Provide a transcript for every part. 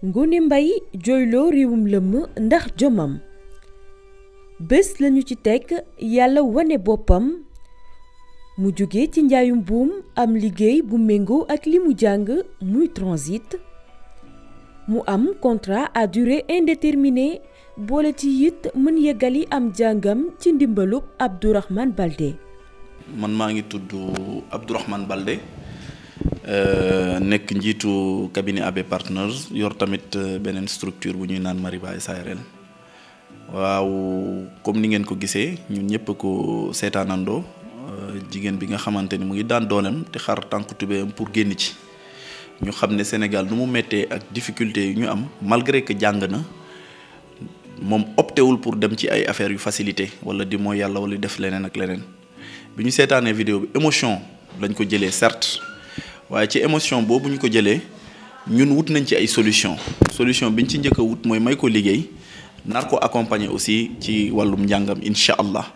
Ngoné mbay jooyloo réewum lëmm ndax jomam bés lañu ci tekk yàlla wane boppam mu jóge ci njaayum buum am liggéey bu méngoo ak li mu jàng muy transit mu am contrat à durée indéterminée boole ci it mën yeggali am jàngam ci ndimbalu Abdourahmane Baldé man maa ngi tudd Abdourahmane Baldé Euh, nek njitu cabinet AB Partners yor tamit euh, benen structure bu ñuy naan Mariba SARL waaw comme ni ngeen ko gisee ñun ñëpp ko sétanando euh, jigéen bi nga xamante ni mu ngi daan dooleem te xar tànku tubéyam pour génn ci ñu xam ne Sénégal nu mu méttee ak difficulté yu ñu am malgré que jàng na moom optewul pour dem ci ay affaire yu facilité wala di mo yàlla wala def leneen ak leneen bi ñu seetaanee vidéo bi émotion lañ ko jëlee certes waaye ci émotion boobu ñu ko nous nous wut solution solution biñ ci a may ko accompagner aussi ci walum jangam, inshallah.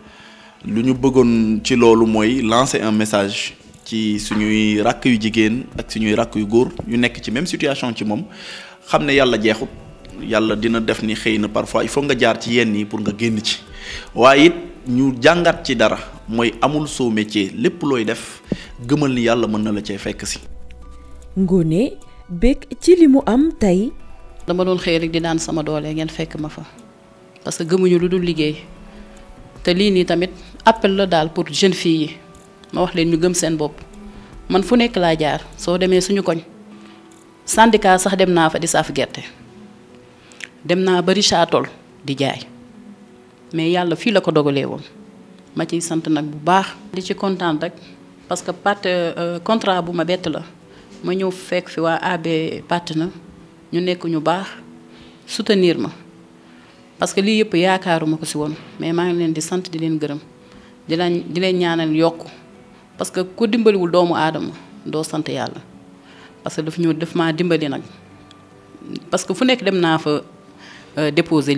lancer un message qui suñuy rakk yu ak suñuy même situation ci nous. Nous yalla jeexut dina def ni xeyna parfois il faut nga jaar ci yenn yi pour nga ci ñu jàngat ci dara mooy amul soo métier lépp looy def gëmal ni yàlla mën na la fekk si ngone ci mu am tay. dama doon xëy rek di sama doole ngeen fekk ma fa parce que gëmuñu lu dul liggéey te tamit appel la dal pour jeune fille yi ma wax leen ñu gëm seen bopp man fu nekk laa jaar soo demee suñu koñ syndicat sax dem fa di saaf gerte dem naa di jaay mais yalla y la ko dogalee woon ma ci sante nak bu baax. di ci parce que le euh, contrat buma ma la ma ñeu fekk fi wa AB ñu nekk ñu baax soutenir ma parce que li yep yaakaruma ko ci won mais je ngi leen di sante di leen Je di di ñaanal parce que je suis doomu adam sant yalla parce que daf ñu daf ma dimbali parce que fu dem fa euh, déposer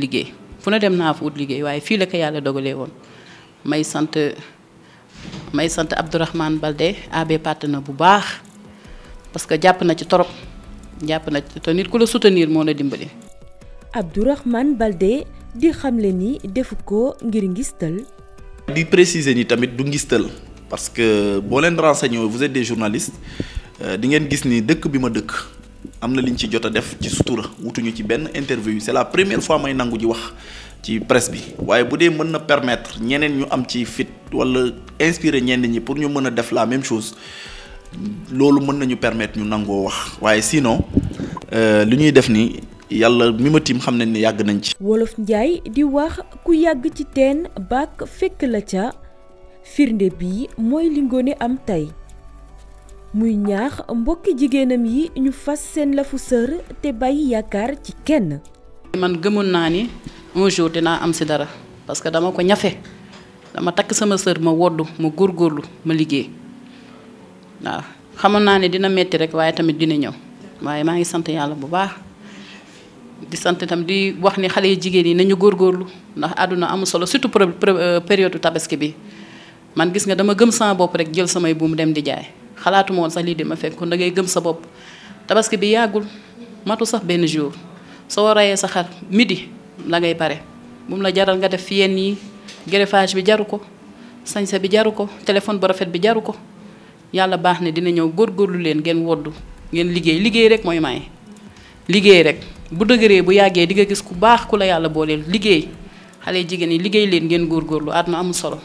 fu ne dem naa fa wut liggéey waaye fii la ko yàlla dogalee woon may sant may sant Abdourahmane Balde AB na bu baax parce que jàpp na ci torop jàpp na ci te nit ku la soutenir moo la dimbali. Abdourahmane Balde di xamle ni defu ko ngir ngistal. di préciser ni tamit du ngistal parce que boo leen renseigné vous êtes des journalistes euh, di ngeen gis ni dëkk bi ma dëkk. amna liñ ci jot def ci sutura wutuñu ci ben interview c'est la première fois may nangu ji wax ci presse bi waye boudé dee mën na permettre ñeneen ñu am ci fit wala inspirer ñenn ñi pour ñu mën def la même chose lolu mën nañu permettre ñu nango wax waye sinon euh ñuy def ni yalla mi ma tiim xam nañ ne nañ ci. wolof njaay di wax ku yag ci ten bàkk fekk la ca firnde bi moy li Ngoné am tay muy ñaax mbokki jigéenam yi ñu fas seen lafu sër te bay yaakaar ci kenn. man gëmoon naa ni un jour dinaa am si dara parce que dama ko ñafe dama takk sama sër ma wodd ma góor góorlu ma liggéey waaw xamoon naa ne dina metti rek waaye tamit dina ñëw waaye maa ngi sant yàlla bu baax di sant itam di wax ni xale yu jigéen yi nañu góor góorlu ndax àdduna amul solo surtout euh, période tabaski bi man gis nga dama gëm sama bopp rek jël samay buum dem di jaay. xalaatu ma woon sax lii di ma fekk da ngay gëm sa bopp tabaski bi yàggul matu sax benn jour soo rayee sa xar midi la ngay pare bu mu la jaral nga def fi yenn yi greffage bi jaru ko sañse bi jaru ko téléphone bu rafet bi jaru ko yàlla baax ne dina ñëw góorgóorlu leen ngeen woddu ngeen liggéey liggéey rek mooy maye liggéey rek bu dëgëree bu yàggee di nga gis ku baax ku la yàlla booleel liggéey xale jigéen yi liggéey leen ngeen góorgóorlu at amul solo.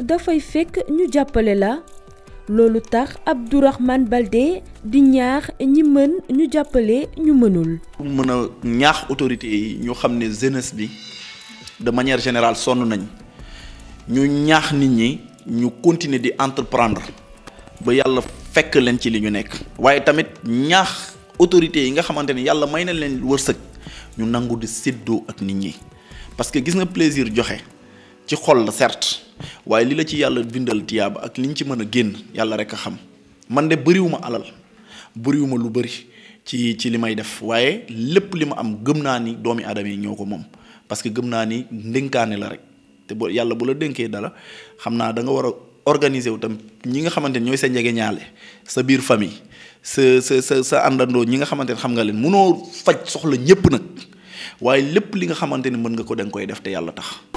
dafay fekk ñu jàppale la loolu tax Abdourahmane Baldé di ñaax ñi mën ñu jàppale ñu mënul. pour mën a ñaax autorités yi ñu xam ne jeunesse bi de manière générale sonn nañ ñu ñaax nit ñi ñu continuer di entreprendre ba yàlla fekk leen ci li ñu nekk. waaye tamit ñaax autorités yi nga xamante ne yàlla may na leen wërsëg ñu nangu di séddoo ak nit ñi parce que gis nga plaisir joxe ci xol la certes. waaye li la ci yàlla bindal tiyaaba ak liñ ci mën a génn yàlla rek a xam man de bëriwuma alal bëriwuma lu bëri ci ci li may def waaye lépp li ma am gëm naa ni doomi aadama yi ñoo ko moom parce que gëm naa ni ndénkaane la rek te bo yàlla bu la dénkee dala xam naa da nga war a organiser wu ñi nga xamante ni ñooy sa njege ñaale sa biir famille sa sa sa sa àndandoo ñi nga xamante ne xam nga leen mënoo faj soxla ñépp nag waaye lépp li nga xamante ne mën nga ko da koy def te yàlla tax